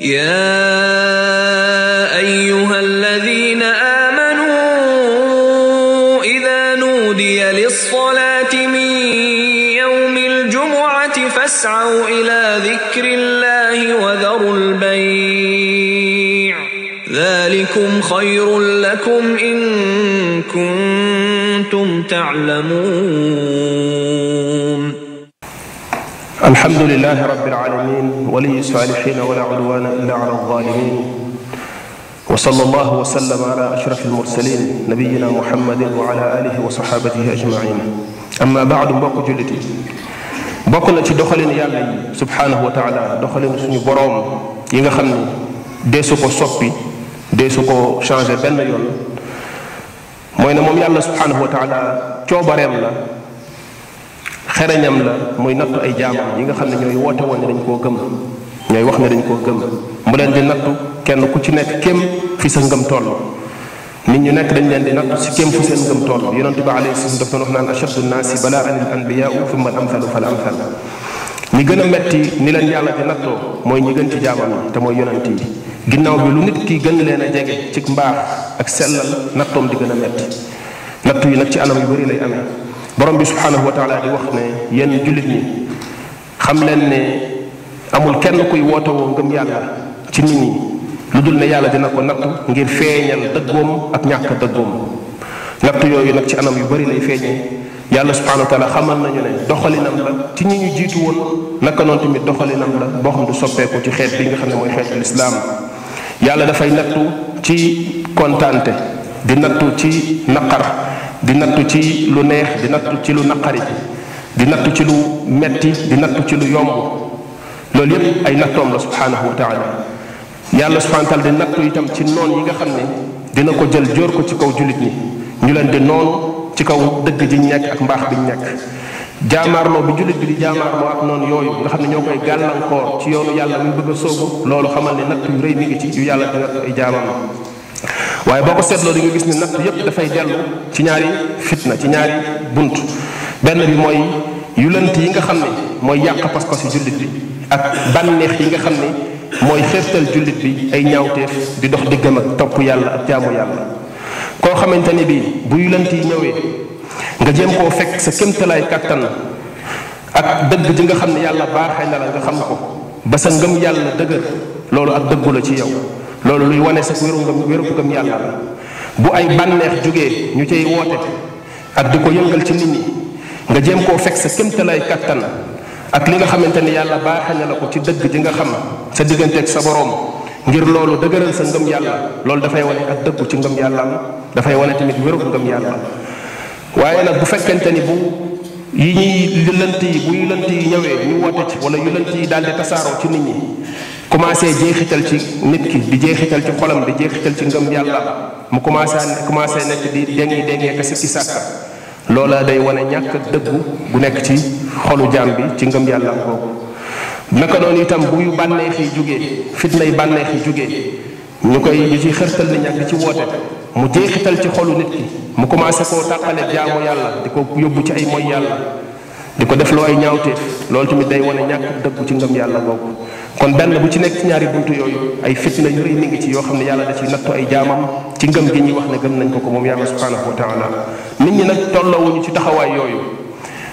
يا أيها الذين آمنوا إذا نودي للصلاة من يوم الجمعة فاسعوا إلى ذكر الله وذروا البيع ذلكم خير لكم إن كنتم تعلمون alhamdulilah rabbil alamin waliyu salihin wala udwana illa ala alzalimin wa sallallahu wa sallam ala ashraf almursalin nabiyina muhammadin wa ala alihi wa sahabatihi ajmain amma baadu mbokk jullit yi bokk na ci doxalin yàlla yi subhaanahu wa taala doxalin suñu boroom yi nga xam ni deesu ko soppi deesu ko changé benn yoon mooy ne moom yàlla subhaanahu wa taala coobareem la xereñam la muy nattu ay jaamam yi nga xam ne ñooy woote woon ne dañ koo gëm ñooy wax ne dañ koo gëm mu leen di nattu kenn ku ci nekk kem fi sa ngëm toll nit ñu nekk dañ leen di nattu si kem fi seen ngëm toll yonente bi alayhi salaam dafa wax naan ashaddu naasi balaan al anbiyaau amthalu fal amthal ñi gën a metti ni leen yàlla di nattoo mooy ñi gën ci jaamam te mooy yonent yi ginnaaw bi lu nit ki gën leen a jege ci mbaax ak sellal nattoom di gën a metti nattu yi nag ci anam yu bari lay amee borom bi subhaanahu wa taala di wax ne yéen jullit ñi xam leen ne amul kenn kuy woote woo ngëm yàlla ci nit ñi lu dul ne yàlla dina ko natt ngir feeñal dëggoom ak ñàkk dëggoom natt yooyu nag ci anam yu bari lay feeñee yàlla subhaanahu wa taala xamal nañu ne doxalinam la ci ñi ñu jiitu woon naka noonu tamit doxalinam la boo xam du soppeeku ci xeet bi nga xam ne mooy xeetu lislaam yàlla dafay nattu ci kontaante di nattu ci naqar di nattu ci lu neex di nattu ci lu naqari di nattu ci lu metti di nattu ci lu yomb loolu yépp ay nattoom la subhaanahu wa taala yàlla subhaanahu wa taala di nattu itam ci noon yi nga xam ne dina ko jël jóor ko ci kaw jullit ni ñu leen di noon ci kaw dëgg ji ñu nekk ak mbaax bi ñu nekk jaamaarloo bi jullit bi di jaamaarloo ak noon yooyu nga xam ne ñoo koy gàllankoor ci yoonu yàlla mu bëgg a soobu loolu xamal ne natt yu rëy mi ngi ci yu yàlla di natt ay jaamam waaye boo ko seetloo di nga gis ni natt yépp dafay dellu ci ñaari fitna ci ñaari bunt benn bi mooy yu yi nga xam ne mooy yàq pas-pas yu jullit bi ak bànneex yi nga xam ne mooy xeeftal jullit bi ay ñaawteef di dox diggam ak topp yàlla ak jaamu yàlla koo xamante ne bii bu yu lënt ñëwee nga jéem koo fekk sa kémtalaay kàttan ak dëgg ji nga xam ne yàlla baaxee na la nga xam ko ba sa ngëm yàlla dëgër loolu ak dëggu la ci yow loolu luy wane sax wéru ngëm wéru ngëm yàlla bu ay bànneex jógee ñu ciy woote ak di ko yëngal ci nit ñi nga jéem koo fekk sa kémtalaay kattan ak li nga xamante ni yàlla baaxee na ko ci dëgg ji nga xam sa digganteeg sa boroom ngir loolu dëgëral sa ngëm yàlla loolu dafay wane ak dëggu ci ngëm yàllaam dafay wane tamit wéru ngëm yàlla waaye nag bu fekkente ni bu yi ñuy lënt yi bu yu lënt yi ñëwee ñu woote ci wala yu yi daal di tasaaroo ci nit ñi commencé jeexital ci nit ki di jeexital ci xolam di jeexital ci ngëm yàlla mu commencé commencé nekk di dengi dengee ka sikki sàkka loola day wane ñàkk dëggu bu nekk ci xolu jaam bi ci ngëm yàlla boobu naka noonu bu yu bànneex yi jógee fitnay bànneex yi jógee ñu koy ñu ci xërtal ci woote mu jeexital ci xolu nit ki mu commencé koo tàqale jaamu yàlla di ko yóbbu ci ay moy yàlla di ko def loo ay ñaawteef loolu tamit day wane ñàkk dëggu ci ngëm yàlla boobu kon benn bu ci nekk ñaari buntu yooyu ay fitna yu rëy mi ngi ci yoo xam ne yàlla da ci nattu ay jaamam ci ngëm gi ñuy wax ne gëm nañ ko ko moom yàlla subhanahu wa taala nit ñi nag tolloowuñu ci taxawaay yooyu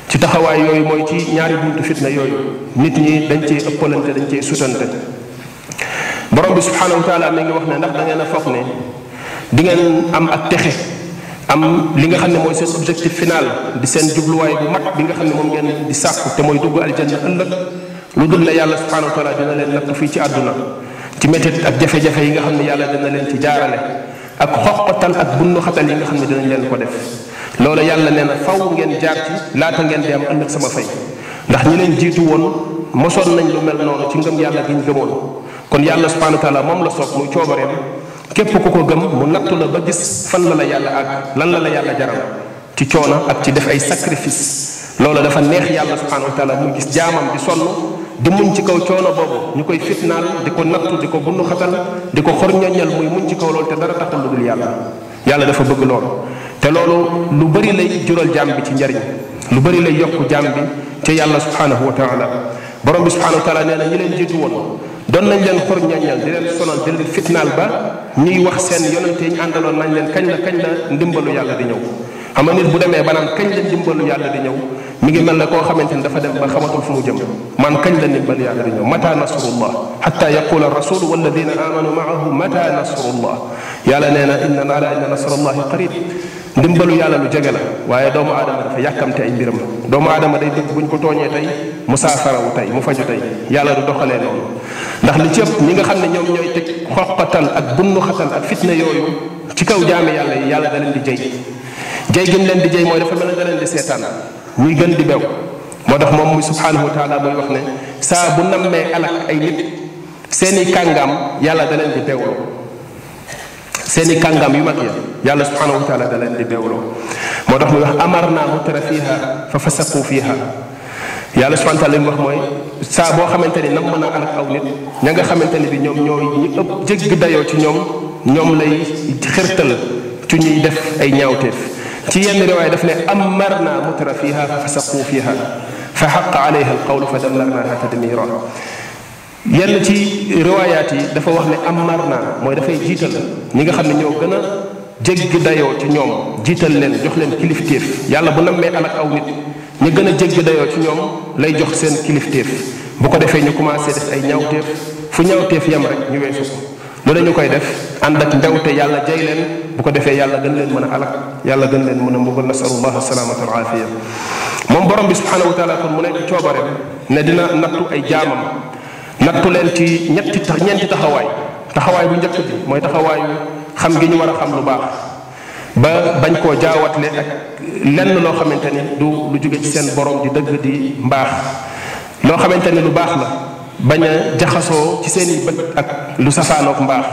ci taxawaay yooyu mooy ci ñaari buntu fitna yooyu nit ñi dañ cee ëppalante dañ cee sutante borom bi subhanahu wa taala mi ngi wax ne ndax da ngeen a foog ne di am ak texe am li nga xam ne mooy seen objectif final di seen jubluwaay bu mag bi nga xam ne moom ngeen di sàkku te mooy lu dul la yàlla subhanahu wa taala dina leen natt fii ci àdduna ci métit ak jafe-jafe yi nga xam ne yàlla dina leen ci jaarale ak xoqatal ak bundu xatal yi nga xam ne dinañ leen ko def loolu yàlla nee na faw ngeen jaar ci laata ngeen di am ak sama fay ndax ñi leen jiitu woon mosoon nañ lu mel noonu ci ngëm yàlla gi ñu gëmoon kon yàlla subhanahu wa moom la soog muy coobareem képp ku ko gëm mu nattu la ba gis fan la la yàlla ak lan la la yàlla jaral ci coono ak ci def ay sacrifice loolu dafa neex yàlla subhanahu wa taala mu gis jaamam di muñ ci kaw coono boobu ñu koy fitnaal di ko nattu di ko bundu xatal di ko xor ñoññal muy muñ ci kaw loolu te dara taxal lu dul yàlla yàlla dafa bëgg loolu te loolu lu bari lay jural jaam bi ci njariñ lu bari lay yokk jaam bi ca yàlla subhanahu wa taala borom bi subhanahu wa taala nee na ñi leen jiitu woon doon nañ leen xor ñaññal di leen sonal di leen fitnaal ba ñuy wax seen yonente yi ñu àndaloon nañ leen kañ la kañ la ndimbalu yàlla di ñëw xam nga nit bu demee ba naan kañ la ndimbalu yàlla di ñëw mi ngi mel na koo xamante ni dafa dem ba xamatul fu mu jëm man kañ la ndimbal yàlla di ñëw mata nasrullah xata yaqula rasul walladina amanu maahu mata nasrullah yàlla nee na inna ala inna nasrallahi qarib ndimbalu yàlla lu jege la waaye doomu aadama dafa yàkkamte ay mbiram doomu aadama day dëgg buñ ko tooñee tey mu saafarawu tey mu faju tey yàlla du doxalee noonu ndax li ci ëpp ñi nga xam ne ñoom ñooy teg xoqatal ak bunnu xatal ak fitna yooyu ci kaw jaami yàlla yi yàlla da leen di jëy jëy leen di jëy mooy dafa mel ne da leen di muy gën di bew moo tax moom muy subhaanahu wa mooy wax ne saa bu nammee alak ay nit seeni kàngam yàlla da leen di beewloo seeni kàngaam yu mag ya yàlla subhaanahu wa taala da leen di moo tax muy wax amar naa mutara fiiha fa fasaqu fiiha yàlla subhaanahu wa taala li mu wax mooy saa boo xamante ni nam mën a alak aw nit ña nga xamante ni bi ñoom ñooy ñi ëpp jéggi dayoo ci ñoom ñoom lay xërtal ci ñuy def ay ñaawteef ci yenn riwaay daf ne ammarna mutrafiha fa fasaqu fiha fa xaqa alayha alqawlu fa dammarnaha tadmira yenn ci riwaayaat yi dafa wax ne am mar naa mooy dafay jiital ñi nga xam ne ñoo gën a jéggi dayoo ci ñoom jiital leen jox leen kiliftéef yàlla bu nammee alak aw nit ñu gën a jéggi dayoo ci ñoom lay jox seen kiliftéef bu ko defee ñu commencé def ay ñaawteef fu ñaawteef yam rek ñu weesu lu ne koy def ànd ak mbewte yàlla jay leen bu ko defee yàlla gën leen mën a alak yàlla gën leen mën a mbugal nasalullah salaamata wal aafiya moom borom bi subhanahu wa taala mu nekk coobareem ne dina nattu ay jaamam nattu leen ci ñetti ñeenti taxawaay taxawaay bu njëkk bi mooy taxawaayu xam gi ñu war a xam lu baax ba bañ koo jaawatle ak lenn loo xamante ni du lu jóge ci seen borom di dëgg di mbaax loo xamante ni lu baax la bañ a jaxasoo ci seeni bët ak lu safaanook mbaax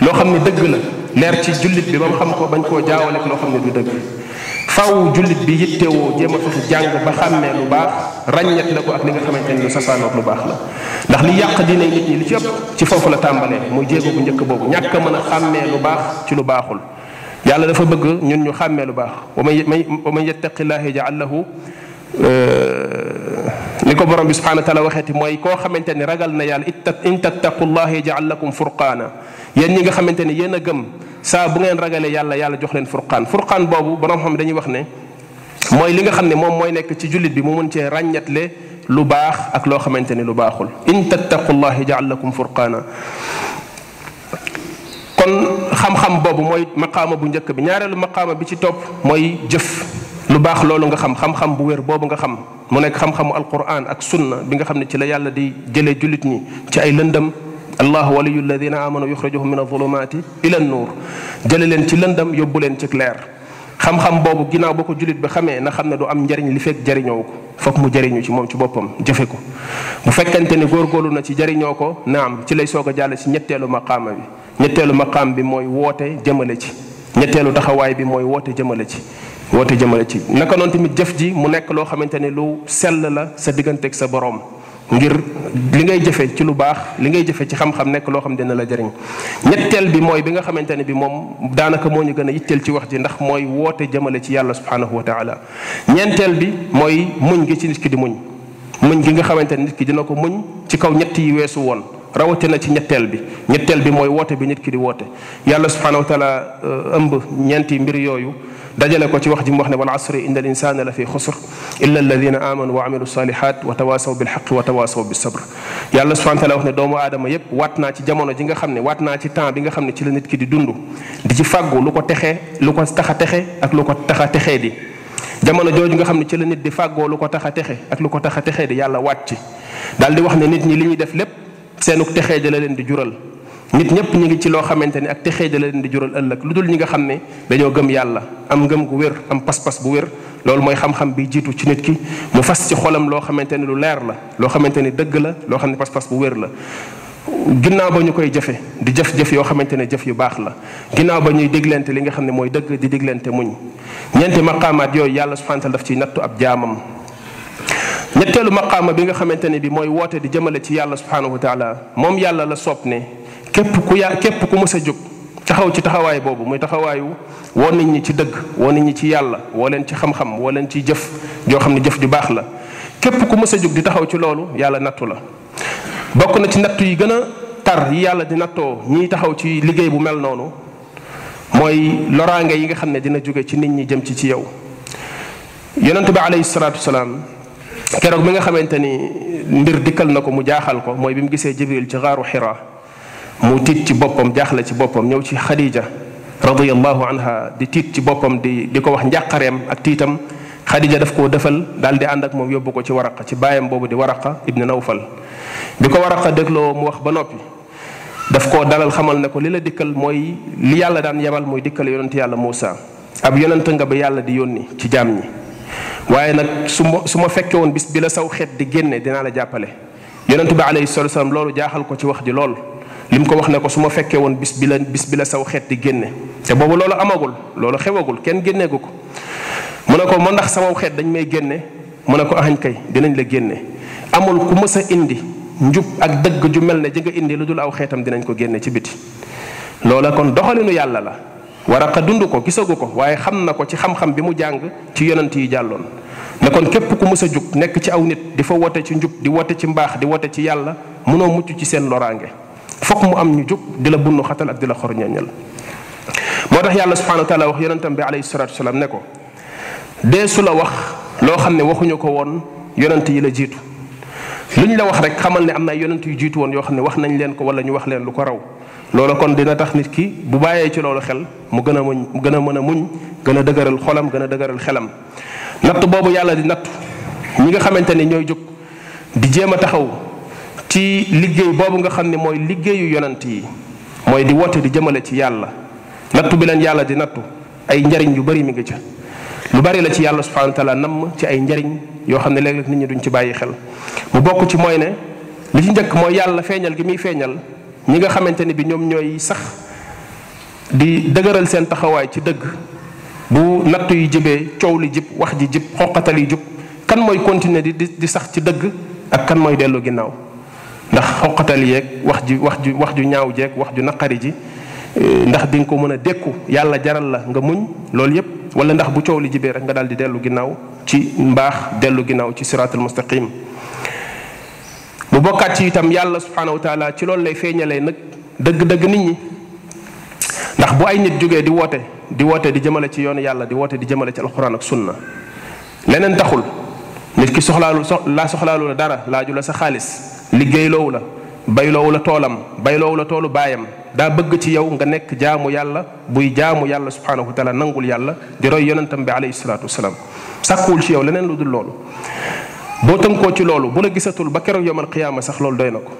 loo xam ne dëgg la leer ci jullit bi ba mu xam ko bañ koo jaawale ak loo xam ne du dëgg faw jullit bi yittewoo jéem a fexe jàng ba xàmmee lu baax ràññet la ko ak li nga xamante ni lu safaanook lu baax la ndax li yàq diine nit ñi li ci ëpp ci foofu la tàmbalee muy jéego bu njëkk boobu ñàkk a mën a xàmmee lu baax ci lu baaxul yàlla dafa bëgg ñun ñu xàmmee lu baax wa man yattaqillaahi ja'al lahu Euh, ni ko borom bi subhanahu wa taala waxeeti mooy koo xamante ni ragal na yàlla in tattaqullaha yaj'al lakum furqaana yéen ñi nga xamante ni yéen a gëm saa bu ngeen ragalee yàlla yàlla jox leen furqaan furqaan boobu borom xam dañuy wax ne mooy li nga xam ne moom mooy nekk ci jullit bi mu mun cee ràññatle lu baax ak loo xamante ni lu baaxul in tattaqullaha yaj'al lakum furqaana kon xam-xam boobu mooy maqaama bu njëkk bi ñaareelu maqaama bi ci topp mooy jëf lu baax loolu nga xam xam bu wér boobu nga xam mu nekk xam-xamu alquran ak sunna bi nga xam ne ci la yàlla di jëlee jullit ñi ci ay lëndëm allahu waliyu alladina amanu yuxrijuhum min azulumati ila nuur jële leen ci lëndëm yóbbu leen ci leer xam-xam boobu ginnaaw boo ko jullit bi xamee na xam ne du am njariñ li fekk jariñoo ko fokk mu jariñu ci moom ci boppam jëfe ko bu fekkente ne góorgóorlu na ci jariñoo ko naam ci lay soog a jàll ci ñetteelu maqaama bi ñetteelu maqaam bi mooy woote jëmale ci ñetteelu taxawaay bi mooy woote jëmale ci woote jëmale ci naka noonu tamit jëf ji mu nekk loo xamante ne lu sell la sa digganteeg sa boroom ngir li ngay jëfe ci lu baax li ngay jëfe ci xam-xam nekk loo xam dina la jariñ ñetteel bi mooy bi xamante ne bi moom daanaka moo ñu gën a yitteel ci wax ji ndax mooy woote jëmale ci yàlla subhanahu wa taala ñeenteel bi mooy muñ gi ci nit ki di muñ muñ gi nga xamante nit ki dina ko muñ ci kaw ñett yi weesu woon rawatina ci ñetteel bi ñetteel bi mooy woote bi nit ki di woote yàlla subhanahu wa taala euh, ëmb ñeenti mbir yooyu dajale ko ci wax ji mu wax ne wal asri inna al insana la fi xusr illa alladina amanu wa amilu salihat wa tawasaw bilxaq doomu aadama yépp waat naa ci jamono ji xam ne waat naa ci temps nga xam ne ci la ki di dund di ci fàggu lu ko texe lu ko tax a texe ak lu ko tax a texee di jamono jooju nga xam ne ci la nit di fàggoo lu ko tax a texe ak lu ko tax a texee di yàlla waat ci daal di wax ne nit ñi li ñuy def lépp seenu texee ja la leen di jural nit ñëpp ñu ngi ci loo xamante ne ak texee da leen di jural ëllëg lu dul ñi nga xam ne dañoo gëm yàlla am ngëm gu wér am pas-pas bu wér loolu mooy xam-xam bi jiitu ci nit ki mu fas ci xolam loo xamante ne lu leer la loo xamante ne dëgg la loo xam ne pas-pas bu wér la ginnaaw ba ñu koy jëfe di jëf-jëf yoo xamante ne jëf yu baax la ginnaaw ba ñuy diglante li nga xam ne mooy dëgg di diglante muñ ñeenti maqaamaat yooyu yàlla subhanahu wa ta'ala ciy nattu ab jaamam ñetteelu maqaama bi nga xamante ne bi mooy woote di jëmale ci yàlla subhanahu wa taala moom yàlla la soob ne képp ku yaa képp ku mës a jóg taxaw ci taxawaay boobu muy taxawaayu woo nit ñi ci dëgg woo nit ñi ci yàlla woo leen ci xam-xam woo leen ci jëf joo xam ne jëf ju baax la képp ku mës a jóg di taxaw ci loolu yàlla nattu la bokk na ci nattu yi gën a tar yi yàlla di nattoo ñiy taxaw ci liggéey bu mel noonu mooy loraange yi nga xam ne dina jóge ci nit ñi jëm ci ci yow yonent bi alayhi salaatu wasalaam keroog bi nga xamante ni mbir dikkal na ko mu jaaxal ko mooy bi mu gisee jibril ci xaaru xiraa mu tiit ci boppam jaaxle ci boppam ñëw ci xadija radiyallahu anha di tiit ci boppam di di ko wax njàqareem ak tiitam xadija daf koo defal daal di ànd ak moom yóbbu ko ci waraqa ci baayam boobu di waraqa ibn nawfal bi ko waraqa dégloo mu wax ba noppi daf koo dalal xamal ne ko li la dikkal mooy li yàlla daan yebal muy dikkal yonent yàlla Muusa ab yonent nga ba yàlla di yónni ci jaam ñi waaye nag su ma su ma fekke woon bis bi la saw xeet di génne dinaa la jàppale yonent bi alayhi salatu loolu jaaxal ko ci wax ji lool li mu ko wax ne ko su ma fekkee woon bis bi la bis bi saw xeet di génne te boobu loolu amagul loolu xewagul kenn génneegu ko mu ne ko ma ndax sama xeet dañ may génne mu ne ko ahañ kay dinañ la génne amul ku mës a indi njub ak dëgg ju mel ne ji nga indi lu dul aw xeetam dinañ ko génne ci biti loola kon doxalinu yàlla la waraqa dund ko gisagu ko waaye xam na ko ci xam-xam bi mu jàng ci yonant yi jàlloon ne kon képp ku mës a jug nekk ci aw nit di fa wote ci njub di wote ci mbaax di wote ci yàlla mënoo mucc ci seen loraange fokk mu am ñu jóg di la bunnu xatal ak di la xor ñañal moo tax yàlla subhanahu wa taala wax yonentam bi alayhi salatu wasalaam ne ko dee su la wax loo xam ne waxuñu ko woon yonent yi la jiitu li luñ la wax rek xamal ne am na yonent yu jiitu woon yoo xam ne wax nañ leen ko wala ñu wax leen lu ko raw loola kon dina tax nit ki bu bàyyee ci loolu xel mu gën a muñ gën a mën a muñ gën a dëgëral xolam gën a dëgëral xelam natt boobu yàlla di natt ñi nga xamante ne ñooy jóg di jéem a taxaw ci liggéey boobu nga xam ne mooy liggéeyu yonant yi mooy di woote di jëmale ci yàlla nattu bi leen yàlla di nattu ay njariñ yu bari mi ngi ca lu bari la ci yàlla subhanahu wa namm ci ay njariñ yoo xam ne léeg-léeg nit ñi duñ ci bàyyi xel mu bokk ci mooy ne li ci njëkk mooy yàlla feeñal gi muy feeñal ñi nga xamante ni bi ñoom ñooy sax di dëgëral seen taxawaay ci dëgg bu natt yi jibee coow li jib wax ji jib xoqatal yi kan mooy continuer di di sax ci dëgg ak kan mooy dellu ginnaaw ndax xoqatal yeeg wax ji wax ju wax ju ñaaw jeeg wax ju naqari ji eh, ndax di nga ko mën a dékku yàlla jaral la nga muñ loolu yépp walla ndax bu coow li jibee rek nga daal di dellu ginnaaw ci mbaax dellu ginnaaw ci siraatul mustaqim bu bokkaat ci itam yàlla subhaanahu wa taala ci loolu lay feeñalee nag dëgg-dëgg nit ñi ndax bu nit jógee di woote di woote di jëmale ci yoonu yàlla di woote di jëmale ci alxuraan ak sunna leneen la sa xaalis liggéeyloowu la bayloowu la toolam bayloowu la toolu baayam daa bëgg ci yow nga nekk jaamu yàlla buy jaamu yàlla subhaanahu wa taala nangul yàlla di roy yonentam bi alayhi salaatu wasalaam sàkkuwul ci yow leneen lu dul loolu boo tënkoo ci loolu bu la gisatul ba keroog yowmal qiyaama sax loolu doy na ko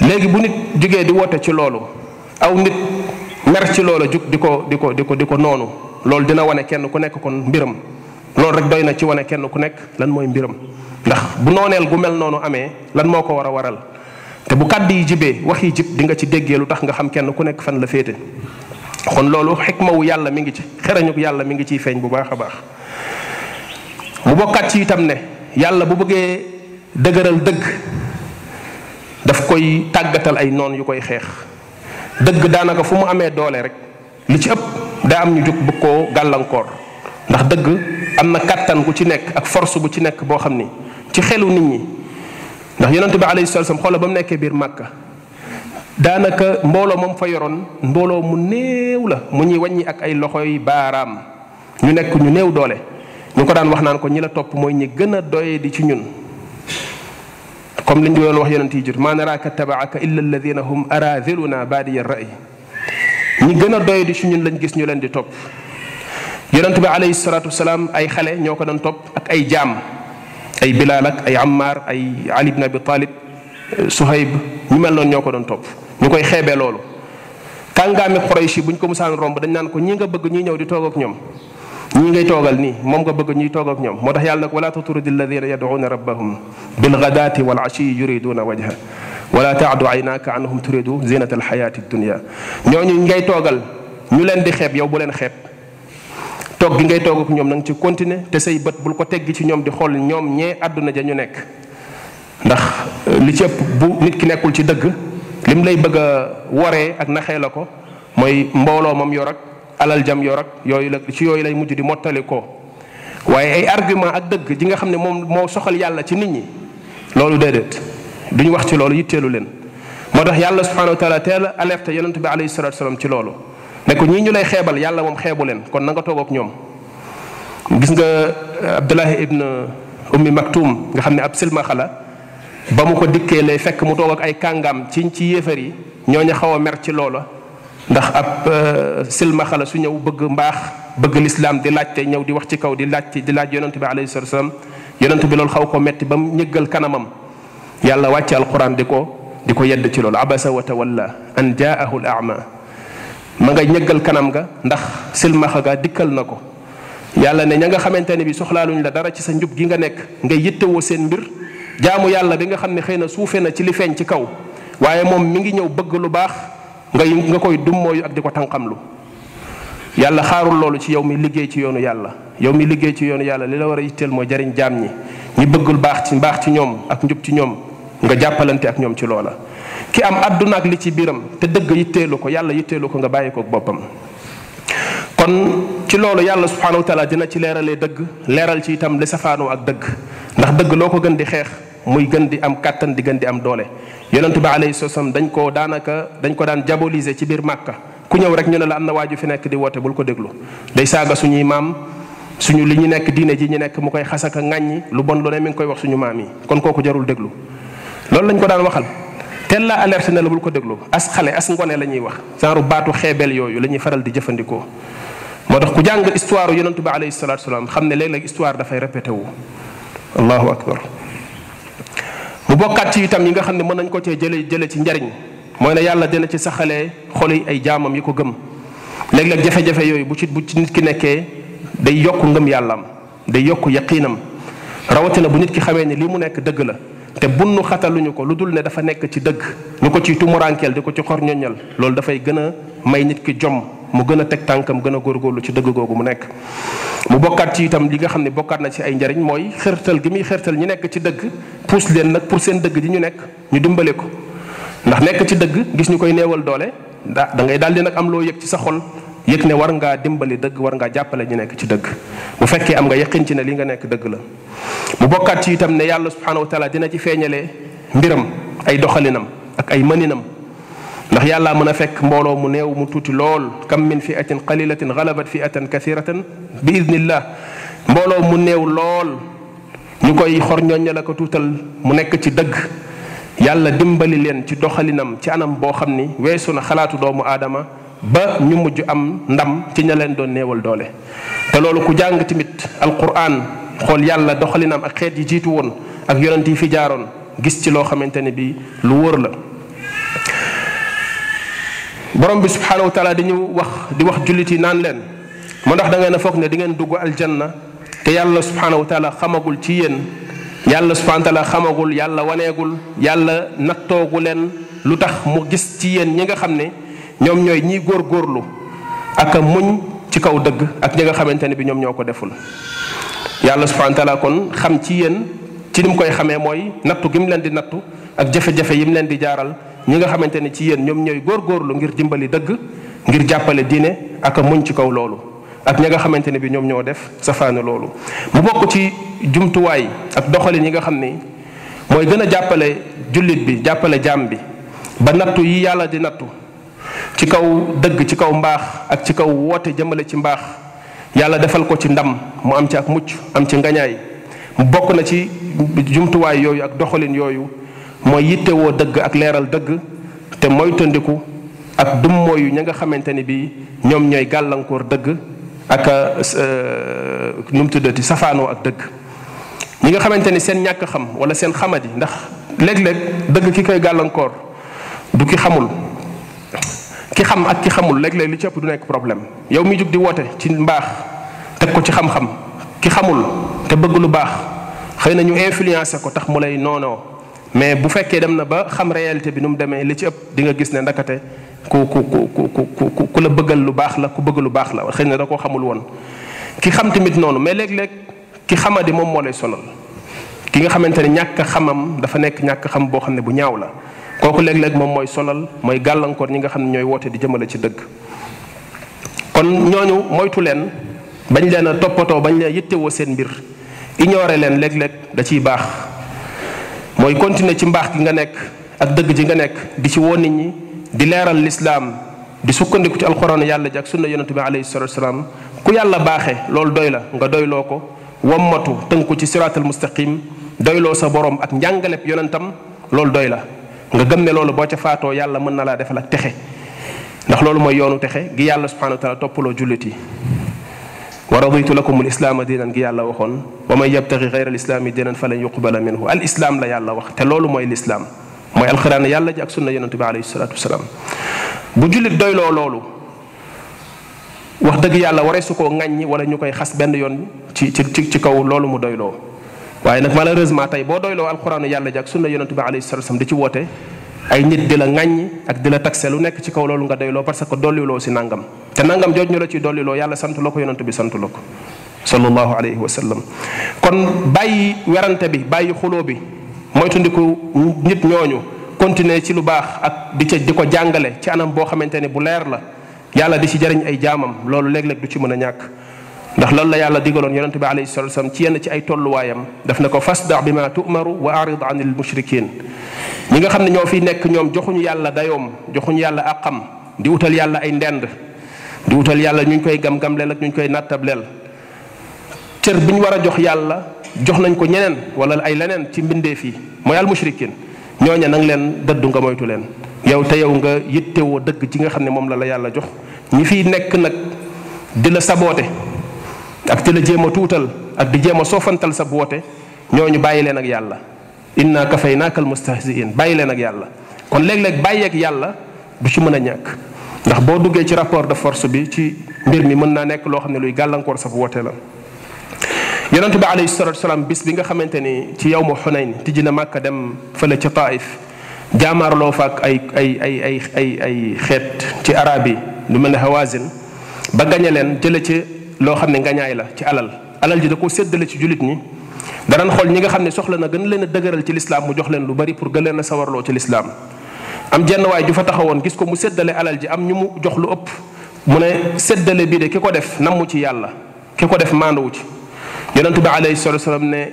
léegi bu nit jógee di woote ci loolu aw nit mer ci loolu jug di ko di ko di ko di ko noonu loolu dina wane kenn ku nekk kon mbiram loolu rek doy na ci wane kenn ku nekk lan mooy mbiram ndax bu nooneel gu mel noonu amee lan moo ko war a waral te bu kàddu yi jibee wax yi jib di nga ci déggee lu tax nga xam kenn ku nekk fan la féete kon loolu xikmawu yàlla mi ngi ci xereñuk yàlla mu ngi ciy feeñ bu baax a baax mu bokkat ci itam ne yàlla bu bëggee dëgëral dëgg daf koy tàggatal ay noon yu koy xeex dëgg daanaka fu mu amee doole rek li ci ëpp daa am ñu jug bëgg koo gàllankoor ndax dëgg am na kattan gu ci nekk ak force bu ci nekk boo xam ni ci xelu nit ñi ndax yonente bi alayhi salaam xoola ba mu nekkee biir màkka daanaka mbooloo moom fa yoroon mbooloo mu néew la mu ñuy wàññi ak ay loxoy baaraam ñu nekk ñu néew doole ñu ko daan wax naan ko ñi la topp mooy ñi gën a doye di ci ñun comme liñ doon wax yonent yi jur maa naraaka tabaaka illa alladina hum aradiluna baadiya ray ñi gën a doye di ci ñun lañ gis ñu leen di topp yonent bi alayhi salaatu wasalaam ay xale ñoo ko doon topp ak ay jaam ay Bilaal ak ay Ammar ay Ali ibn Abi Talib Suhayb ñu mel noonu ñoo ko doon topp ñu koy xeebee loolu. kàngaami Quraysh yi bu ñu ko musaan romb dañ naan ko ñi nga bëgg ñuy ñëw di toog ak ñoom ñii ngay toogal nii moom nga bëgg ñuy toog ak ñoom moo tax yàlla nag wala tuturidi alladina yadcuuna rabbahum bilgadaati wal ashiyi yuriduuna wajha wala taadu aynaka anhum turidu zinata alxayaati dunia ñooñu ngay toogal ñu leen di xeeb yow bu leen xeeb toog gi ngay toog ak ñoom na nga ci continuer te say bët bul ko teggi ci ñoom di xool ñoom ñee àdduna ja ñu nekk ndax euh, li cëpp bu nit ki nekkul ci dëgg lim lay bëgg a waree ak naxee la ko mooy mbooloo moom yor ak alal jam yor ak yooyu la ci yooyu lay mujj di mottali ko waaye ay argument ak dëgg ji nga xam ne moom moo soxal yàlla ci nit ñi loolu du ñu wax ci loolu yitteelu leen moo tax yàlla subhanahu wa taala teel a alerte yonent bi alayhi salatu salaam ci loolu ne ko ñii ñu lay xeebal yàlla moom xeebu leen kon nanga nga toog ak ñoom gis nga euh, Abdullahi ibn Ummi Maktum nga xam ne ab silmaxa la ba mu ko dikkee lay fekk mu toog ak ay kàngaam ci ci yéefar yi ñooñu xaw a mer ci loola ndax ab euh, silmaxa la su ñëw bëgg mbaax bëgg lislaam di laajte ñëw di wax ci kaw di laajte di laaj yonent bi alayhi salatu wasalam yonent bi lool xaw ko metti ba mu ñëggal kanamam yàlla wàcce alquran di ko di ko yedd ci lool abasa wa tawalla an jaahu al ama ma nga ñëggal kanam ga ndax silmaxa gaa dikkal na ko yàlla ne ña nga xamante ne bi soxlaaluñ la dara ci sa njub gi nga nekk ngay yittewoo seen mbir jaamu yàlla bi nga xam ne xëy na suufe na ci li feeñ ci kaw waaye moom mi ngi ñëw bëgg lu baax ngay nga koy dummooyu ak di ko tànqamlu yàlla xaarul loolu ci yow mi liggéey ci yoonu yàlla yow mi liggéey ci yoonu yàlla li la war a yitteel mooy jariñ jaam ñi ñi bëggul baax ci baax ci ñoom ak njub ci ñoom nga jàppalante ak ñoom ci loola ki am àdduna ak li ci biiram te dëgg yitteelu ko yàlla yitteelu ko nga bàyyi ko boppam kon ci loolu yàlla subhaanahu wa taala dina ci leeralee dëgg leeral ci itam li safaanoo ak dëgg ndax dëgg loo ko gën di xeex muy gën di am kàttan di gën di am doole yonent bi alayhi salaam dañ ko daanaka dañ ko daan jaboliser ci biir màkka ku ñëw rek ñu ne la am na waaju fi nekk di woote ko déglu day saaga suñuy maam suñu li ñu nekk diine ji ñu nekk mu koy xasaka ŋàññi lu bon lu ne mi ngi koy wax suñu maam yi kon kooku jarul déglu loolu lañ ko daan waxal tel la alerte ne la bul ko déglu as xale as ngone la ñuy wax genre baatu xeebeel yooyu la ñuy faral di jëfandikoo moo tax ku jàng histoire yonentu bi alayhi salaatu salaam xam ne léeg-léeg histoire dafay répété wu allahu akbar mu bokkaat ci itam yi nga xam ne mën nañ ko cee jële jële ci njariñ mooy ne yàlla dina ci xale xoli ay jaamam yi ko gëm léeg-léeg jafe-jafe yooyu bu ci bu ci nit ki nekkee day yokk ngëm yàllaam day yokk yaqiinam rawatina bu nit ki xamee ne lii mu nekk dëgg la te bunnu xataluñu ko lu dul ne dafa nekk ci dëgg ñu ko ciy tumuraankeel di ko ci xor ñoñal loolu dafay gën a may nit ki jom mu gën a teg tànkam gën a góorgóorlu ci dëgg googu mu nekk mu bokkaat ci itam li nga xam ne bokkaat na ci ay njariñ mooy xërtal gi muy xërtal ñu nekk ci dëgg puus leen nag pour seen dëgg ji ñu nekk ñu dimbale ko ndax nekk ci dëgg gis ñu koy néewal doole da da ngay daal di nag am loo yëg ci sa xol yëg ne war ngaa dimbali dëgg war ngaa jàppale ñu nekk ci dëgg bu fekkee am nga yëqin ci ne li nga nekk dëgg la mu bokkaat ci itam ne yàlla subhaanahu wa taala dina ci feeñalee mbiram ay doxalinam ak ay mëninam ndax yàllaa mën a fekk mbooloo mu néew mu tuuti lool kam min fiatin qalilatin galabat fiatan kathiratan bi idnillah mbooloo mu néew lool ñu koy xor ñooña ko tuutal mu nekk ci dëgg yàlla dimbali leen ci doxalinam ci anam boo xam ni weesu na xalaatu doomu aadama ba ñu mujj am ndam ci ña leen doon néewal doole te loolu ku jàng tamit alquran xool yàlla doxalinam ak xeet yi jiitu woon ak yonent yi fi jaaroon gis ci loo xamante ne bi lu wóor la borom bi subhaanahu wa di ñu wax di wax jullit yi naan leen moo ndax dangeen a foog ne di ngeen dugg aljanna te yàlla subhaanahu wa taala xamagul ci yéen yàlla subhaanahu xamagul yàlla waneegul yàlla nattoogu leen lu tax mu gis ci yéen ñi nga xam ne ñoom ñooy ñiy góorgóorlu ak a muñ ci kaw dëgg ak ñi nga xamante ne bi ñoom ñoo ko deful yàlla subhanahu wa kon xam ci yéen ci ni mu koy xamee mooy nattu gi mu leen di nattu ak jafe-jafe yi mu leen di jaaral ñi nga xamante ni ci yéen ñoom ñooy góor góorlu ngir dimbali dëgg ngir jàppale diine ak a muñ ci kaw loolu ak ñi nga xamante ne bi ñoom ñoo def safaanu loolu mu bokk ci jumtuwaay ak doxalin yi nga xam ni mooy gën a jàppale jullit bi jàppale jaam bi ba nattu yi yàlla di nattu ci kaw dëgg ci kaw mbaax ak ci kaw woote jëmale ci mbaax yàlla defal ko ci ndam mu am ci ak mucc am ci ngañaay bokk na ci jumtuwaay yooyu ak doxalin yooyu mooy yittewoo dëgg ak leeral dëgg te moytandiku ak dum mooyu ña nga xamante ni bi ñoom ñooy gàllankoor dëgg ak euh, euh, nu mu tuddati safaanoo ak dëgg ñi nga xamante ni seen ñàkk xam wala seen xamadi ndax léeg-léeg dëgg ki koy gàllankoor du ki xamul ki xam ak ki xamul léeg-léeg li ci ëpp du nekk problème yow mi jug di woote ci mbaax teg ko ci xam-xam ki xamul te bëgg lu baax xëy na ñu influencé ko tax mu lay noonoo mais bu fekkee dem na ba xam réalité bi nu mu demee li ci ëpp di nga gis ne ndakate ku ku ku ku ku ku la bëggal lu baax la ku bëgg lu baax la xëy na da koo xamul woon. ki xam tamit noonu mais léeg-léeg ki xamadi moom moo lay sonal ki nga xamante ne ñàkk xamam dafa nekk ñàkk xam boo xam ne bu ñaaw la. kooku léeg-léeg moom mooy sonal mooy gàllankoor ñi nga xam ne ñooy woote di jëmale ci dëgg kon ñooñu moytu leen bañ leen a toppatoo bañ leen yittewoo seen mbir ignorer leen léeg-léeg da ciy baax mooy continuer ci mbaax gi nga nekk ak dëgg ji nga nekk di ci woo nit ñi di leeral lislaam di sukkandiku ci alxuraan yàlla ji ak sunna yonent bi alayhi salatu wasalaam ku yàlla baaxee loolu doy la nga doyloo ko wommatu tënku ci siraatal mustaqim doyloo sa borom ak njàngaleb yonentam loolu doy la nga gëm ne loolu boo ca faatoo yàlla mën na laa defal ak texe ndax loolu mooy yoonu texe gi yàlla subhanahu wa taala toppaloo jullit yi wa raditu lakum al islaama diinan gi yàlla waxoon wa man yabtaxi gayra al islaami diinan falan yuqbala minhu al islaam la yàlla wax te loolu mooy lislaam mooy alxuraan yàlla ji ak sunna yonente bi alayhi salaatu wasalaam bu jullit doyloo loolu wax dëgg yàlla waree su koo ŋàññi wala ñu koy xas benn yoon ci ci ci kaw loolu mu doyloo waaye nag malheureusement tey boo doyloo alxuraanu yàlla ji ak sunna yonentu bi alayhi salatu wasallam di ci woote ay nit di la ŋàññ ak di la taxe lu nekk ci kaw loolu nga doyloo parce que dolliloo si nangam te nangam jooj ñu la ciy dolliloo yàlla sant loo ko yonentu bi sant loo ko sallallahu alayhi wa sallam kon bàyyi werante bi bàyyi xuloo bi moytundiku nit ñooñu continuer ci lu baax ak di ca di ko jàngale ci anam boo xamante ne bu leer la yàlla di ci jariñ ay jaamam loolu léeg-léeg du ci mën a ñàkk ndax loolu la yàlla digaloon yonente bi alayhi salatu wasalam ci yenn ci ay tolluwaayam daf na ko fasda bi ma tu'maru wa arid anil mushrikin ñi nga xam ne ñoo fi nekk ñoom joxuñu yàlla dayoom joxuñu yàlla àqam di wutal yàlla ay ndend di wutal yàlla ñu ngi koy gam-gamleel ak ñu ñu koy nattableel cër bi ñu war a jox yàlla jox nañ ko ñeneen wala ay leneen ci mbindeef fii mooy al mushrikin ñooña nang leen dëddu nga moytu leen yow te yow nga yittewoo dëgg ci nga xam ne moom la la yàlla jox ñi fiy nekk nag di la ak di la a tuutal ak di jéem a soofantal sa boote ñu bàyyi leen ak yàlla inna kafaynaaka almustahziin bàyyi leen ak yàlla kon léeg-léeg ak yàlla du ci mën a ñàkk ndax boo duggee ci rapport de force bi ci mbir mi mën naa nekk loo xam ne luy gàllankoor sa woote la yonente bi alayhi salatu wasalaam bis bi nga xamante ni ci yow mu xunayn tijji na màkka dem fële ca taif jaamaarloo fa ak ay ay ay ay ay ay xeet ci arab yi lu mel ne hawazin ba gañe leen loo xam ne ngañaay la ci alal alal ji da koo séddale ci jullit ñi danañ xool ñi nga xam ne soxla na gën leen a dëgëral ci lislaam mu jox leen lu bari pour gën leen a sawarloo ci lislaam am jenn waay ju fa taxawoon gis ko mu séddale alal ji am ñu mu jox lu ëpp mu ne seddale bi de ki ko def namm ci yàlla ki ko def maandowu ci yonent bi alayhi salaatu wa salaam ne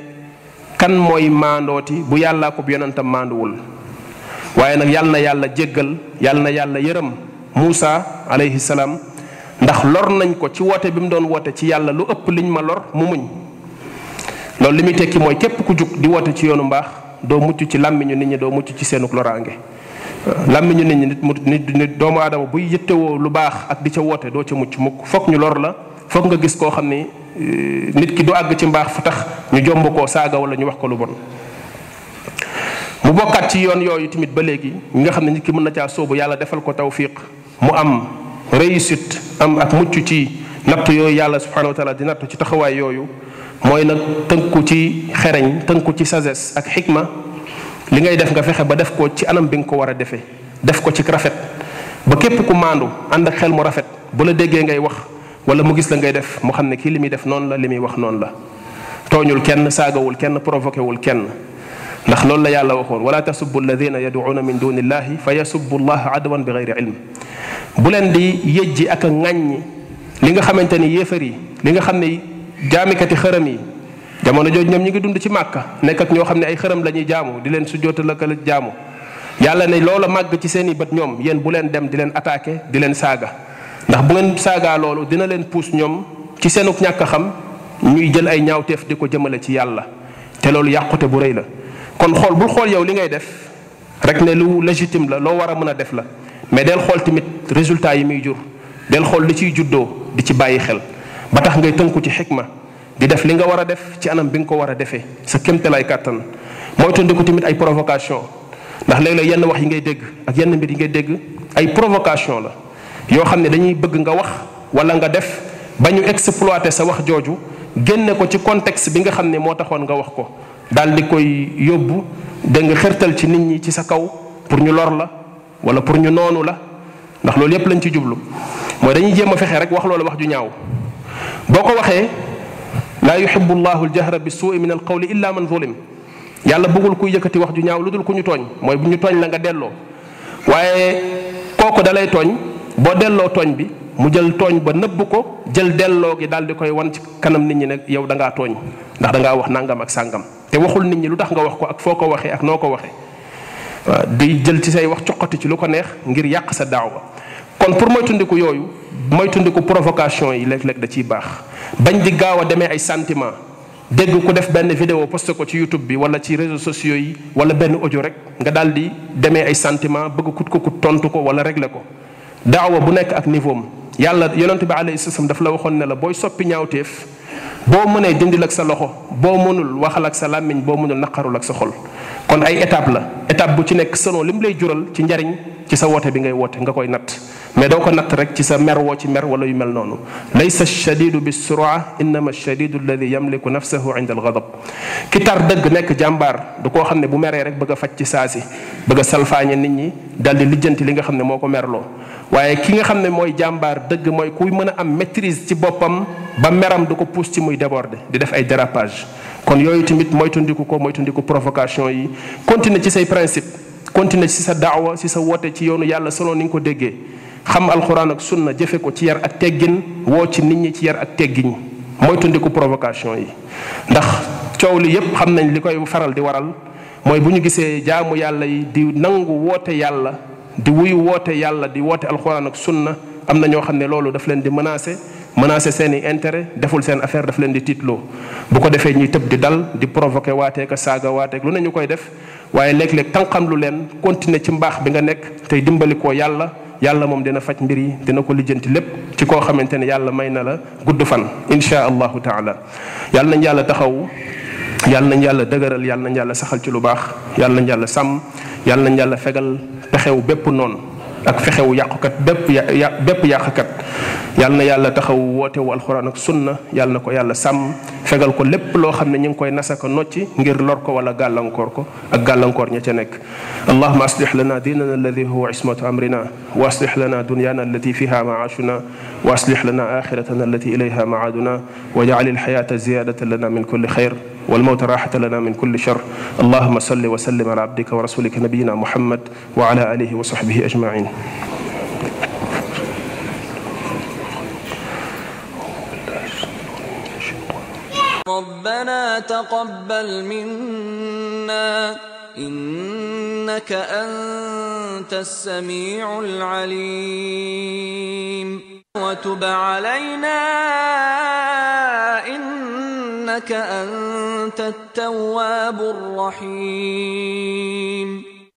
kan mooy maandooti bu yàllaa ko bu yonentam maanduwul waaye nag yàlla na yàlla jéggal yàlla na yàlla yërëm Muusa ndax lor nañ ko ci woote bi mu doon woote ci yàlla lu ëpp liñ ma lor mu muñ loolu li muy tekki mooy képp ku jug di woote ci yoonu mbaax doo mucc ci làmmiñu nit ñi doo mucc ci seenuk loraange làmmiñu nit ñi nit mu nit doomu aadama buy yëttewoo lu baax ak di ca woote doo ca mucc mukk foog ñu lor la foog nga gis koo xam ni euh, nit ki du àgg ci mbaax fu tax ñu jomb koo saaga wala ñu wax ko lu bon mu bokkaat ci yoon yooyu tamit ba léegi ñi nga xam ne nit mën na caa sóobu yàlla defal ko tawfiq mu am réussite am ak mucc ci natt yooyu yàlla subhanahu wa taala di nattu ci taxawaay yooyu mooy nag tënku ci xereñ tënku ci sages ak xikma li ngay def nga fexe ba def ko ci anam bi nga ko war a defee def ko ci rafet ba képp ku maandu ànd ak xel mu rafet bu la déggee ngay wax wala mu gis la ngay def mu xam ne kii li muy def noonu la li muy wax noonu la tooñul kenn saagawul kenn provoqué wul kenn ndax loolu la yàlla waxoon wala tasubbu alladina yaduuna min duni illahi fa yasubbu allaha adwan bi gayri ilm bu leen di yëjji ak a ŋàññi li nga xamante ni yéefar yi li nga xam ne jaamikati xërëm yi jamono jooju ñoom ñi ngi dund ci màkk nekk ak ñoo xam ne ay xërëm la ñuy jaamu di leen sujjootal ak jaamu yàlla ne loola màgg ci seen i bët ñoom yéen bu leen dem di leen attaqué di leen saaga ndax bu ngeen saagaa loolu dina leen puus ñoom ci seenuk ñàkk xam ñuy jël ay ñaawteef di ko jëmale ci yàlla te loolu yàqute bu rëy la kon xool bul xool yow li ngay def rek ne lu légitime la loo war a mën a def la mais del xool tamit résultat yi muy jur del xool li ciy juddoo di ci bàyyi xel ba tax ngay tënku ci xikma di def li nga war a def ci anam bi nga ko war a defee sa kéemtalaay kàttan mooy tondiku tamit ay provocation ndax léeg-léeg yenn wax yi ngay dégg ak yenn mbir yi ngay dégg ay provocation la yoo xam ne dañuy bëgg nga wax wala nga def ba ñu exploiter sa wax jooju génne ko ci contexte bi nga xam ne moo taxoon nga wax ko daal di koy yóbbu da nga xërtal ci nit ñi ci sa kaw pour ñu lor la wala pour ñu noonu la ndax loolu yépp lañ ci jublu mooy dañuy jéem a fexe rek wax loolu wax ju ñaaw boo ko waxee laa yuxibu llahu aljahra bi suui min alqawli illa man zulim yàlla bëggul kuy yëkkati wax ju ñaaw lu dul ku ñu tooñ mooy bu ñu tooñ la nga delloo waaye kooku dalay tooñ boo delloo tooñ bi mu jël tooñ ba nëbb ko jël delloo gi daal di koy wan ci kanam nit ñi ne yow da ngaa tooñ ndax dangaa wax nangam ak sàngam te waxul nit ñi lu tax nga wax ko ak foo ko waxee ak noo ko waxee waaw di jël ci say wax coqati ci lu ko neex ngir yàq sa daawa kon pour moytundiku yooyu moytundiku provocation yi léeg-léeg da ciy baax bañ di gaaw a demee ay sentiment dégg ku def benn vidéo posté ko ci YouTube bi wala ci réseaux sociaux yi wala benn ojo rek nga daal di demee ay sentiment bëgg kut ko kut tontu ko wala réglé ko daawa bu nekk ak niveau am yàlla yonent bi alayhi salaam daf la waxoon ne la booy soppi ñaawteef boo mënee dindil ak sa loxo boo mënul waxal ak sa làmmiñ boo mënul naqarul ak sa xol kon ay étape la étape bu ci nekk selon lim lay jural ci njariñ ci sa woote bi ngay woote nga koy natt mais doo ko natt rek ci sa mer woo ci mer wala yu mel noonu laysa shadidu bi sur'a innama shadidu alladi yamliku nafsahu inda alghadab ki tar dëgg nekk jàmbaar du koo xam ne bu meree rek bëgg a faj ci saa saasi bëgg a salfaañe nit ñi dal di lijjanti li nga xam ne moo ko merloo waaye ki nga xam ne mooy jàmbaar dëgg mooy kuy mën a am maîtrise ci boppam ba meram du ko pousse ci muy déborder di def ay darapage kon yooyu tamit ndiku ko moytundiku provocation yi continuer ci say principe continuer ci sa daawa ci sa woote ci yoonu yàlla selon ni nga ko déggee xam alxuraan ak sunna jëfe ko ci yar ak teggin woo ci nit ñi ci yar ak teggiñ mooy tundiku provocation yi ndax coow li yépp xam nañ li koy faral di waral mooy bu ñu gisee jaamu yàlla yi di nangu woote yàlla di wuyu woote yàlla di woote alxuraan ak sunna am na ñoo xam ne loolu daf leen di menacer menacer seen i intérêt deful seen affaire daf leen di tiitloo bu ko defee ñuy tëb di dal di provoquer waateeka saaga waateek lu ne ñu koy def waaye léeg-léeg tànqam lu leen continuer ci mbaax bi nga nekk tey dimbali ko yàlla yàlla moom dina faj mbir yi dina ko lijjanti lépp ci koo xamante ne yàlla may na la gudd fan insha allahu taala yàlla nañ yàlla taxaw yàlla nañ yàlla dëgëral yàlla nañ yàlla saxal ci lu baax yàlla nañ yàlla sàmm yàlla nañ yàlla fegal pexew bépp noonu ak fexewu yàqukat bépp ya bépp yàqkat yàlla na yàlla taxaw wootewu alxuraan ak sunna yàlla na ko yàlla sàmm fegal ko lépp loo xam ne ñu ngi koy nasaka nocci ngir lor ko wala gàllankoor ko ak gàllankoor ña ca nekk allahuma aslix lana diinana alladi huwa ismatu amrina wa aslix lana dunyaana allati fiha maashuna wa aslix lana axiratana allati ilayha maaduna wa jacal alxayaata ziyaadatan lana min kulli xayr والموت راحة لنا من كل شر اللهم صل وسلم على عبدك ورسولك نبينا محمد وعلى آله وصحبه أجمعين ربنا تقبل منا إنك أنت السميع العليم وتب علينا إن إنك أنت التواب الرحيم